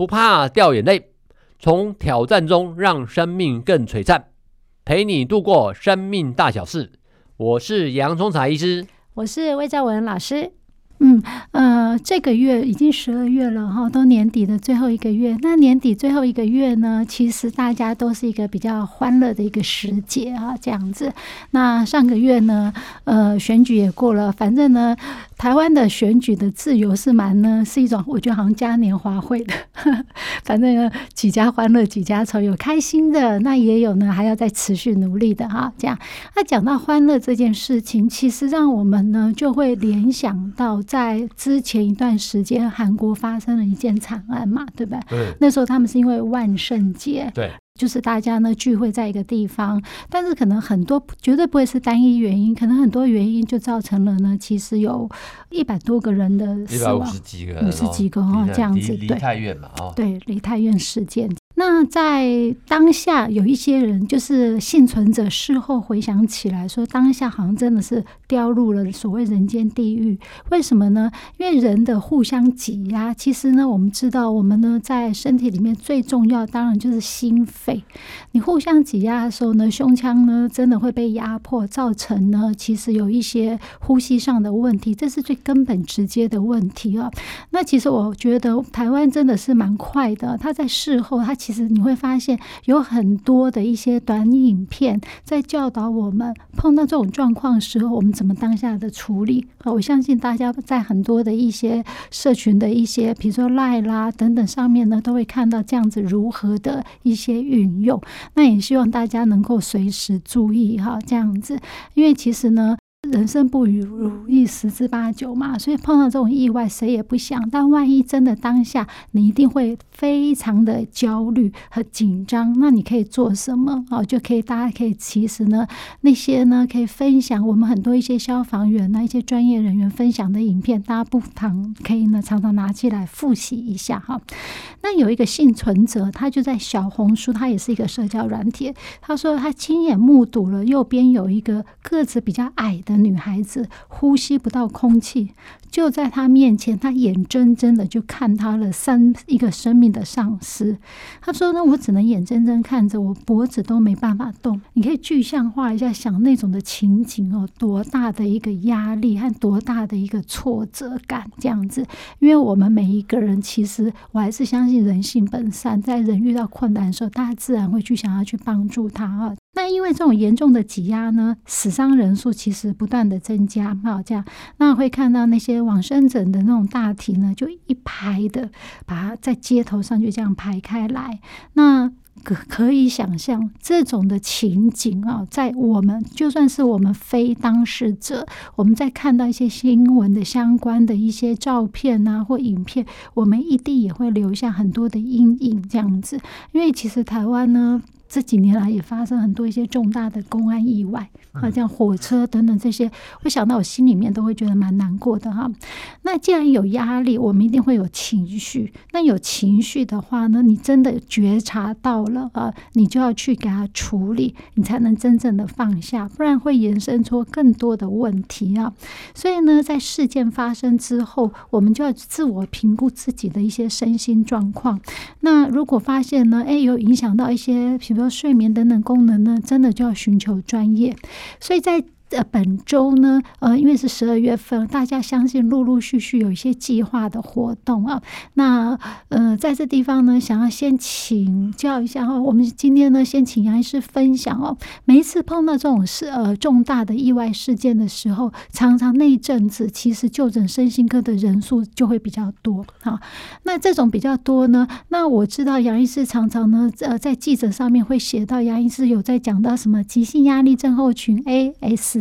不怕掉眼淚，從挑戰中讓生命更璀璨，陪你度過生命大小事。我是楊聰財醫師，我是魏兆玟老師。嗯呃，這個月已經十二月了哈，都年底的最後一個月。那年底最後一個月呢，其實大家都是一個比較歡樂的一個時節啊，這樣子。那上個月呢，呃，選舉也過了，反正呢。台灣的選舉的自由是蠻呢，是一種我覺得好像嘉年華會的呵呵，反正呢，幾家歡樂幾家愁,有開心的，那也有呢，還要再持續努力的哈。這樣，那、啊、講到歡樂這件事情，其實讓我們呢就會聯想到在之前一段時間，韓國發生了一件慘案嘛，對不對？對。那時候他們是因為萬聖節。對。就是大家呢聚會在一個地方，但是可能很多絕對不會是單一原因，可能很多原因就造成了呢。其實有一百多個人的死亡，五十幾，幾個，五十幾個哈，這樣子對。梨泰院對，梨泰院事件。嗯那在當下有一些人就是倖存者事後回想起來說，當下好像真的是掉入了所謂人間地獄。為什麼呢？因為人的互相擠壓。其實呢，我們知道，我們呢在身體裡面最重要當然就是心肺。你互相擠壓的時候呢，胸腔呢真的會被壓迫，造成呢其實有一些呼吸上的問題，這是最根本直接的問題啊、哦。那其實我覺得台灣真的是蠻快的，他在事後他其實其實你會發現有很多的一些短影片，在教導我們，碰到這種狀況的時候，我們怎麼當下的處理啊！我相信大家在很多的一些社群的一些，比如說 LINE 啦等等上面呢，都會看到這樣子如何的一些運用。那也希望大家能夠隨時注意哈，這樣子，因為其實呢。人生不如，如意十之八九嘛，所以碰到這種意外，誰也不想。但萬一真的當下，你一定會非常的焦慮和緊張。那你可以做什麼？嗯、哦，就可以大家可以其實呢，那些呢可以分享我們很多一些消防員那一些專業人員分享的影片，大家不妨可以呢常常拿起來複習一下哈。那有一個幸存者，他就在小紅書，他也是一個社交軟體。他說他親眼目睹了右邊有一個個子比較矮的，女孩子呼吸不到空氣，就在她面前，她眼睜睜的就看他了三一個生命的喪失。她說：“那，我只能眼睜睜看着，我脖子都沒辦法動。你可以具象化一下，想那種的情景哦，多大的一個壓力和多大的一個挫折感這樣子。因為我們每一個人，其實我還是相信人性本善，在人遇到困難的時候，大家自然會去想要去幫助他啊。”那因為這種嚴重的擠壓呢，死傷人數其實不斷的增加，哦，這樣，那會看到那些往生者的那種大體呢，就一排的，把它在街頭上就這樣排開來，那可可以想象這種的情景啊，在我們就算是我們非當事者，我們在看到一些新聞的相關的一些照片啊或影片，我們一定也會留下很多的陰影，這樣子，因為其實台灣呢。這幾年來也發生很多一些重大的公安意外，好像火車等等這些，我想到我心裡面都會覺得蠻難過的哈。那既然有壓力，我們一定會有情緒。那有情緒的話呢，你真的覺察到了啊，你就要去給他處理，你才能真正的放下，不然會延伸出更多的問題啊。所以呢，在事件發生之後，我們就要自我評估自己的一些身心狀況。那如果發現呢，誒、欸，有影響到一些，比如說睡眠等等功能呢，真的就要尋求專業。所以在呃，本周呢，呃，因為是十二月份，大家相信陸陸續續有一些計劃的活動啊。那呃，在這地方呢，想要先請教一下哦。我們今天呢，先請楊醫師分享哦。每一次碰到這種事呃，重大的意外事件的時候，常常那一陣子，其實就診身心科的人數就會比較多啊。那這種比較多呢，那我知道楊醫師常常呢，呃，在記者上面會寫到，楊醫師有在講到什麼急性壓力症候群 ASD。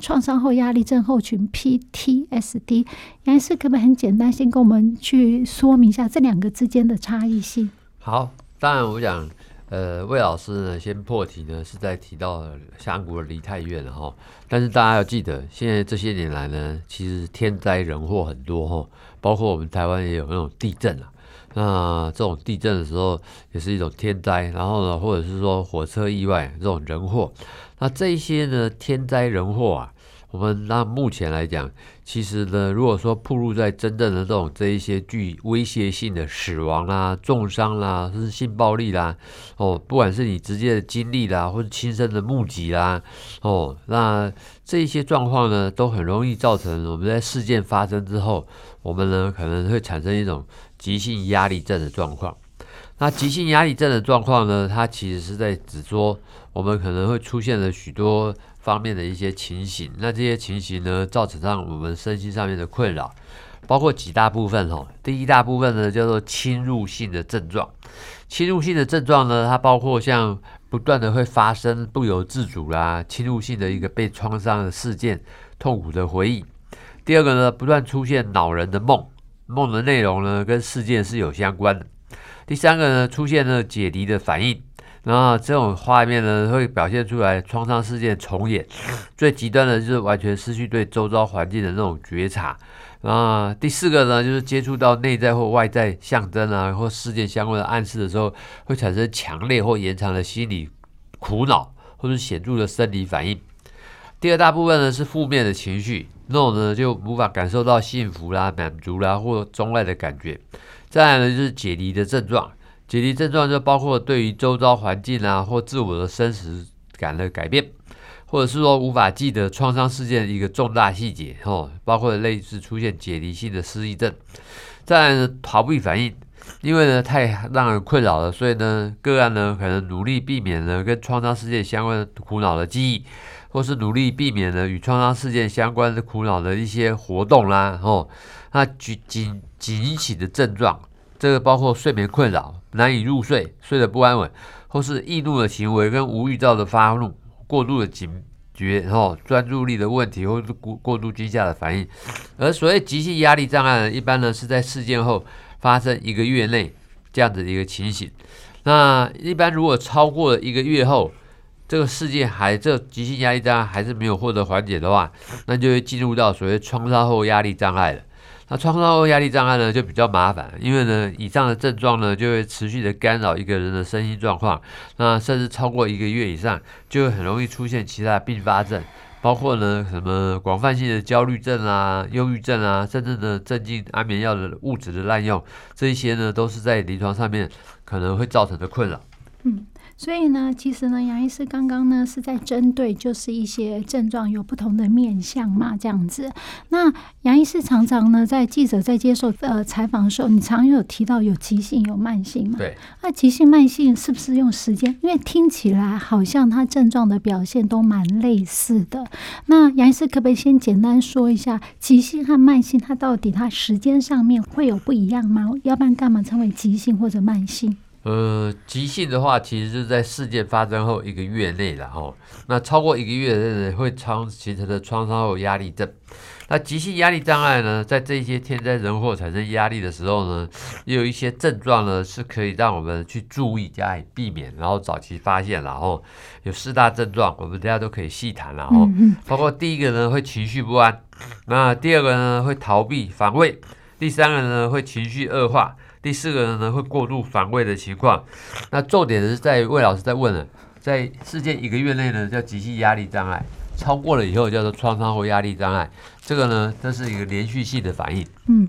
創傷後壓力症候群 PTSD，楊老師可不可以很簡單先跟我們去說明一下這兩個之間的差異性？好，當然我想呃，魏老師呢，先破題呢是在提到香港離太遠了哈，但是大家要記得，現在這些年來呢，其實天災人禍很多哈，包括我們台灣也有那種地震啊。那、呃、這種地震的時候也是一種天災，然後呢，或者是說火車意外這種人禍，那這些呢天災人禍啊。我們那目前來講，其實呢，如果說曝露在真正的這種這一些具威脅性的死亡啦、啊、重傷啦、啊，甚至性暴力啦、啊，哦，不管是你直接的經歷啦、啊，或者親身的目擊啦、啊，哦，那這一些狀況呢，都很容易造成我們在事件發生之後，我們呢可能會產生一種急性壓力症的狀況。那急性壓力症的狀況呢，它其實是在指說我們可能會出現了許多。方面的一些情形，那這些情形呢，造成上我們身心上面的困擾，包括幾大部分吼、哦。第一大部分呢叫做侵入性的症狀，侵入性的症狀呢，它包括像不斷的會發生不由自主啦、啊，侵入性的一個被創傷的事件、痛苦的回憶。第二個呢，不斷出現惱人的夢，夢的內容呢跟事件是有相關的。第三個呢，出現了解離的反應。那這種畫面呢，會表現出來創傷事件重演，最極端的就是完全失去對周遭環境的那種覺察。啊，第四個呢，就是接觸到內在或外在象徵啊，或事件相關的暗示的時候，會產生強烈或延長的心理苦惱，或者顯著的生理反應。第二大部分呢是負面的情緒，那種呢就無法感受到幸福啦、啊、滿足啦或鍾愛的感覺。再來呢就是解離的症狀。解離症狀就包括對於周遭環境啊或自我的現實感的改變，或者是說無法記得創傷事件的一個重大細節哦，包括類似出現解離性的失憶症。再來呢，逃避反應，因為呢太讓人困擾了，所以呢個案呢可能努力避免呢跟創傷事件相關的苦惱的記憶，或是努力避免呢與創傷事件相關的苦惱的一些活動啦、啊、吼、哦，那緊緊緊引起的症狀，這個包括睡眠困擾。難以入睡，睡得不安穩，或是易怒的行為跟無預兆的發怒、過度的警覺，然後、哦、專注力的問題，或是過過度驚嚇的反應。而所謂急性壓力障礙呢，一般呢是在事件後發生一個月內這樣子的一個情形。那一般如果超過了一個月後，這個事件還這個、急性壓力障礙還是沒有獲得緩解的話，那就會進入到所謂創傷後壓力障礙了。那創傷後壓力障礙呢，就比較麻煩，因為呢，以上的症狀呢，就會持續的干擾一個人的身心狀況，那甚至超過一個月以上，就會很容易出現其他併發症，包括呢，什麼廣泛性的焦慮症啊、憂鬱症啊，甚至呢，鎮靜安眠藥的物質的濫用，這一些呢，都是在臨床上面可能會造成的困擾。嗯。所以呢，其實呢，楊醫師剛剛呢是在針對就是一些症狀有不同的面向嘛，這樣子。那楊醫師常常呢在記者在接受呃採訪的時候，你常有提到有急性有慢性嘛？對。那、啊、急性慢性是不是用時間？因為聽起來好像它症狀的表現都蠻類似的。那楊醫師可不可以先簡單說一下急性和慢性，它到底它時間上面會有不一樣嗎？要不然幹嘛稱為急性或者慢性？呃，急性的話，其實是在事件發生後一個月內然後，那超過一個月，會創形成的創傷後壓力症。那急性壓力障礙呢，在這些天災人禍產生壓力的時候呢，也有一些症狀呢，是可以讓我們去注意加以避免，然後早期發現，然後有四大症狀，我們大家都可以細談然後、嗯、包括第一個呢，會情緒不安；那第二個呢，會逃避防衛；第三個呢，會情緒惡化。第四個人呢，會過度反胃的情況。那重點是在於魏老師在問了，在事件一個月內呢，叫急性壓力障礙，超過了以後叫做創傷後壓力障礙。這個呢，這是一個連續性的反應。嗯。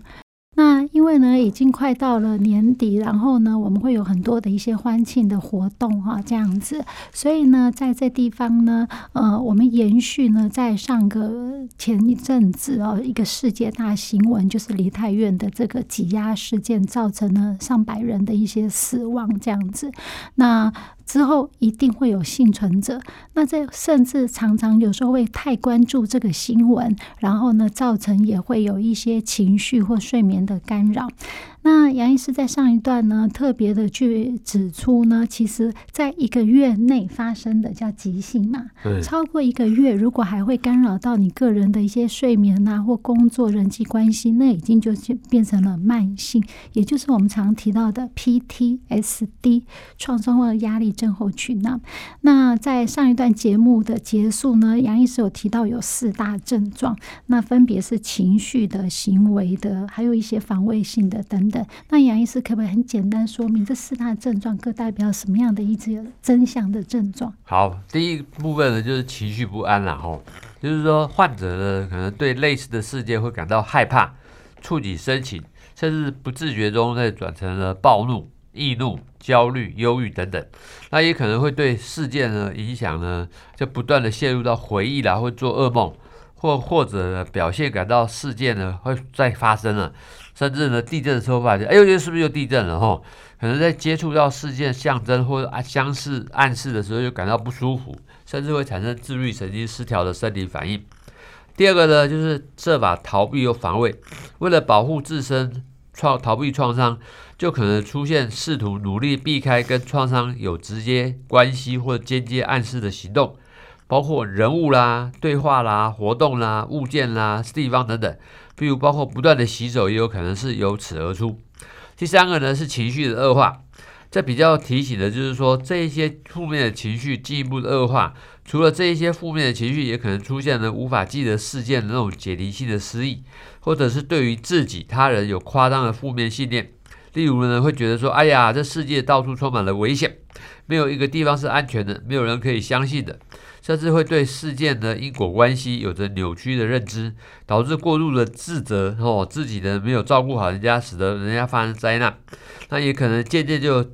因為呢，已經快到了年底，然後呢，我們會有很多的一些歡慶的活動哈、啊，這樣子。所以呢，在這地方呢，呃，我們延續呢，在上個前一陣子哦，一個世界大新聞，就是梨泰院的這個擠壓事件，造成了上百人的一些死亡，這樣子。那。之後一定會有幸存者，那這甚至常常有時候會太關注這個新聞，然後呢，造成也會有一些情緒或睡眠的干擾。那楊醫師在上一段呢，特別的去指出呢，其實在一個月內發生的叫急性嘛，超過一個月，如果還會干擾到你個人的一些睡眠啊，或工作人際關係，那已經就變成了慢性，也就是我們常提到的 PTSD 創傷或壓力症候群啊。那在上一段節目的結束呢，楊醫師有提到有四大症狀，那分別是情緒的、行為的，還有一些防衛性的等等。那楊醫師可不可以很簡單說明這四大症狀各代表什麼樣的一直有真相的症狀？好，第一部分呢就是情緒不安，了，後就是說患者呢可能對類似的事件會感到害怕，觸景生情，甚至不自覺中再轉成了暴怒、易怒、焦慮、憂鬱等等。那也可能會對事件呢影響呢，就不斷的陷入到回憶啦，會做噩夢，或或者表現感到事件呢會再發生了。甚至呢，地震的時候發現，哎呦，這是不是又地震了？吼，可能在接觸到事件象徵或者相似暗示的時候，就感到不舒服，甚至會產生自律神經失調的生理反應。第二個呢，就是設法逃避又防衛，為了保護自身創逃避創傷，就可能出現試圖努力避開跟創傷有直接關係或間接暗示的行動，包括人物啦、對話啦、活動啦、物件啦、地方等等。比如包括不斷的洗手，也有可能是由此而出。第三個呢是情緒的惡化，這比較提醒的就是說，這一些負面的情緒進一步的惡化。除了這一些負面的情緒，也可能出現呢無法記得事件的那種解離性的失憶，或者是對於自己、他人有誇張的負面信念。例如呢會覺得說，哎呀，這世界到處充滿了危險，沒有一個地方是安全的，沒有人可以相信的。甚至會對事件的因果關係有着扭曲的認知，導致過度的自責，吼、哦、自己呢，沒有照顧好人家，使得人家發生災難。那也可能漸漸就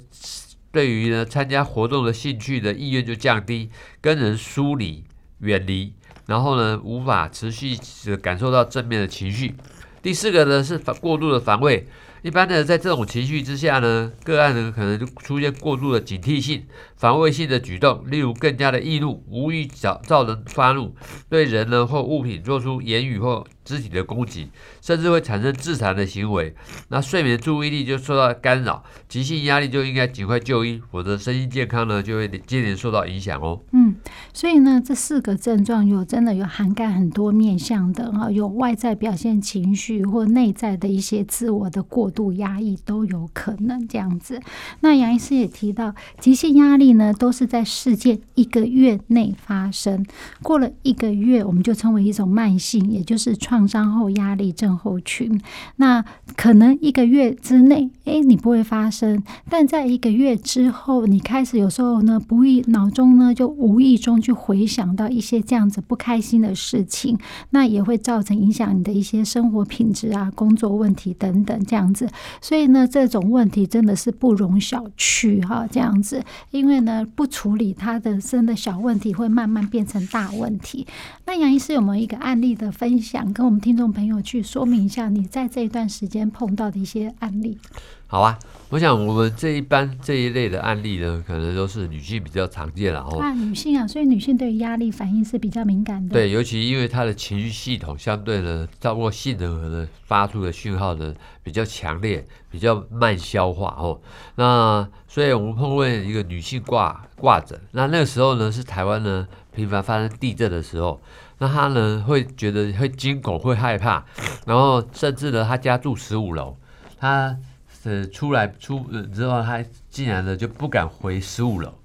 對於呢參加活動的興趣的意願就降低，跟人疏離、遠離，然後呢無法持續感受到正面的情緒。第四個呢是過度的防衛。一般的，在這種情緒之下呢，個案呢可能就出現過度的警惕性防衛性的舉動，例如更加的易怒、無欲找，造成發怒，對人呢或物品做出言語或。肢體的攻擊，甚至會產生自殘的行為。那睡眠、注意力就受到干擾，急性壓力就應該儘快就醫，否則身心健康呢就會接連受到影響哦。嗯，所以呢，這四個症狀有真的有涵蓋很多面向的啊，哦，有外在表現情緒，或內在的一些自我的過度壓抑，都有可能這樣子。那楊醫師也提到，急性壓力呢都是在事件一個月內發生，過了一個月我們就稱為一種慢性，也就是創。創傷後壓力症候群，那可能一個月之內，誒、欸、你不會發生，但在一個月之後，你開始有時候呢，不易腦中呢，就無意中去回想到一些這樣子不開心的事情，那也會造成影響你的一些生活品質啊、工作問題等等這樣子。所以呢，這種問題真的是不容小覷哈，這樣子，因為呢，不處理他的生的小問題，會慢慢變成大問題。那楊醫師有沒有一個案例的分享？跟我們聽眾朋友去說明一下，你在這一段時間碰到的一些案例。好啊，我想我們這一般這一類的案例呢，可能都是女性比較常見了哦。那、啊、女性啊，所以女性對壓力反應是比較敏感的。對，尤其因為她的情緒系統相對呢，包括杏仁核呢發出的訊號呢比較強烈，比較慢消化哦。那所以我們碰見一個女性掛掛者，那那個時候呢是台灣呢頻繁發生地震的時候。那他呢，會覺得會驚恐、會害怕，然後甚至呢，他家住十五樓，他呃出來出、呃、之後，他竟然呢就不敢回十五樓。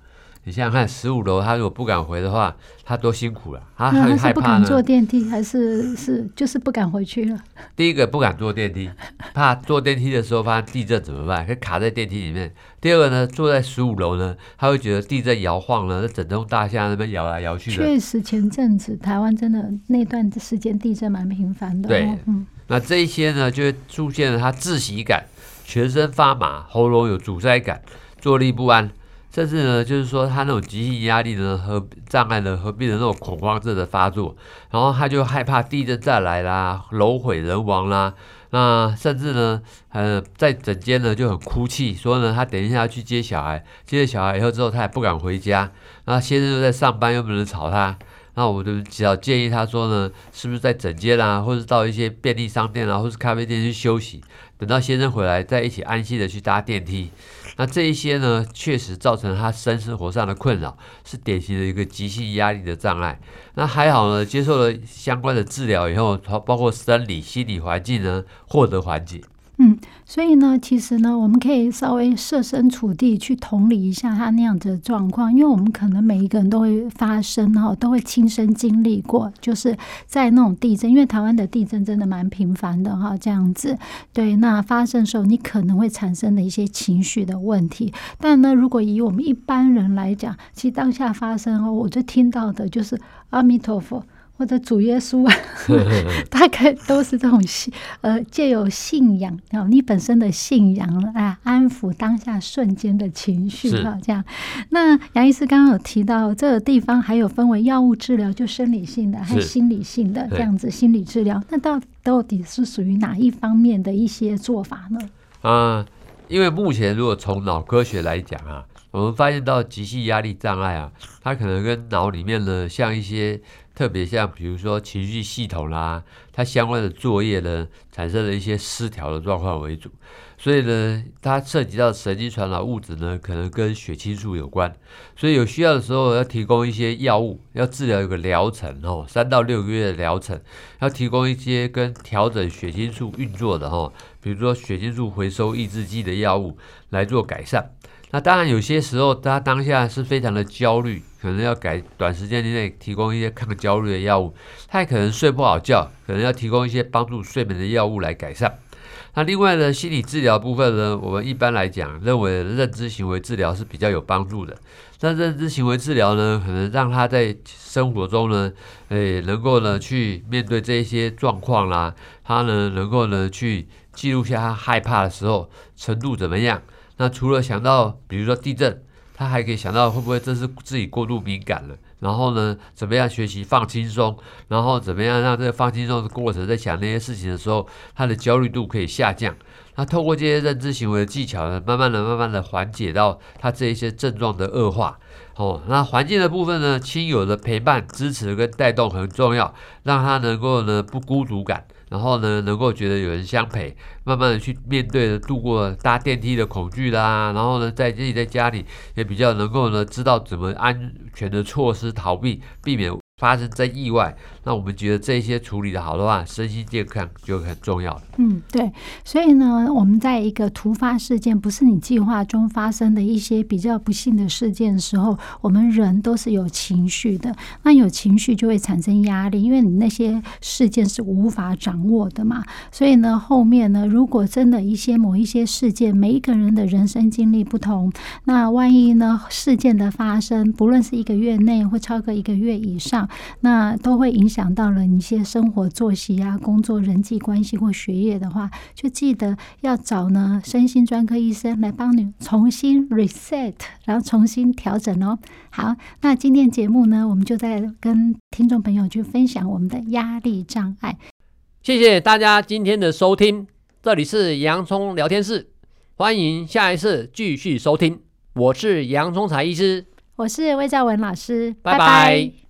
你想想看，十五樓他如果不敢回的話，他多辛苦了，他很害怕呢。是不敢坐電梯，還是是就是不敢回去了？第一個不敢坐電梯，怕坐電梯的時候發生地震怎麼辦？會卡在電梯裡面。第二個呢，坐在十五樓呢，他會覺得地震搖晃了，那整棟大廈那邊搖來搖去的。確實，前陣子台灣真的那段時間地震蠻頻繁的哦。對，嗯，那這一些呢，就會出現了他窒息感，全身發麻，喉嚨有阻塞感，坐立不安。甚至呢，就是說他那種急性壓力呢和障礙呢，合併那種恐慌症的發作，然後他就害怕地震再來啦，樓毀人亡啦。那甚至呢，呃，在整間呢就很哭泣，說呢，他等一下要去接小孩，接了小孩以後之後，他也不敢回家。那先生又在上班，又不能吵他。那我就只好建議他說呢，是不是在整間啦、啊，或者到一些便利商店啊，或是咖啡店去休息，等到先生回來再一起安心的去搭電梯。那這一些呢，確實造成他生生活上的困擾，是典型的一個急性壓力的障礙。那還好呢，接受了相關的治療以後，他包括生理、心理環境呢，獲得緩解。嗯，所以呢，其實呢，我們可以稍微設身處地去同理一下他那樣子的狀況，因為我們可能每一個人都會發生哈，都會親身經歷過，就是在那種地震，因為台灣的地震真的蠻頻繁的哈，這樣子。對，那發生的時候，你可能會產生的一些情緒的問題。但呢，如果以我們一般人來講，其實當下發生哦，我就聽到的就是阿彌陀佛。或者主耶穌、啊， 大概都是這種信，呃，借由信仰然後你本身的信仰，啊，安撫當下瞬間的情緒，哈、啊，這樣。那楊醫師剛剛有提到這個地方，還有分為藥物治療，就生理性的還有心理性的這樣子心理治療。那到到底是屬於哪一方面的一些做法呢？啊、嗯，因為目前如果從腦科學來講啊，我們發現到急性壓力障礙啊，它可能跟腦裡面呢，像一些。特別像比如說情緒系統啦、啊，它相關的作業呢，產生了一些失調的狀況為主，所以呢，它涉及到神經傳導物質呢，可能跟血清素有關，所以有需要的時候要提供一些藥物，要治療一個療程哦，三到六個月的療程，要提供一些跟調整血清素運作的哦，比如說血清素回收抑制劑的藥物來做改善。那當然，有些時候他當下是非常的焦慮，可能要改短時間之內提供一些抗焦慮的藥物，他也可能睡不好覺，可能要提供一些幫助睡眠的藥物來改善。那另外呢，心理治療部分呢，我們一般來講認為認知行為治療是比較有幫助的。那認知行為治療呢，可能讓他在生活中呢，能夠呢去面對這些狀況啦，他呢能夠呢去記錄一下他害怕的時候程度怎麼樣。那除了想到，比如說地震，他還可以想到會不會這是自己過度敏感了？然後呢，怎麼樣學習放輕鬆？然後怎麼樣讓這個放輕鬆的過程，在想那些事情的時候，他的焦慮度可以下降？那透過這些認知行為的技巧呢，慢慢的、慢慢的緩解到他這一些症狀的惡化。哦，那環境的部分呢，親友的陪伴、支持跟帶動很重要，讓他能夠呢不孤獨感。然後呢，能夠覺得有人相陪，慢慢的去面對的度過搭電梯的恐懼啦。然後呢，在自己在家裡也比較能夠呢，知道怎麼安全的措施逃避、避免，發生在意外，那我們覺得這些處理的好的話，身心健康就很重要了。嗯，對，所以呢，我們在一個突發事件，不是你計劃中發生的一些比較不幸的事件的時候，我們人都是有情緒的。那有情緒就會產生壓力，因為你那些事件是無法掌握的嘛。所以呢，後面呢，如果真的一些某一些事件，每一個人的人生經歷不同，那萬一呢，事件的發生，不論是一個月內或超過一個月以上。那都會影響到了你一些生活作息啊、工作、人際關係或學業的話，就記得要找呢身心專科醫生來幫你重新 reset，然後重新調整哦。好，那今天節目呢，我們就再跟聽眾朋友去分享我們的壓力障礙。謝謝大家今天的收聽，這裡是洋蔥聊天室，歡迎下一次繼續收聽。我是楊聰財醫師，我是魏兆玟老師，bye bye 拜拜。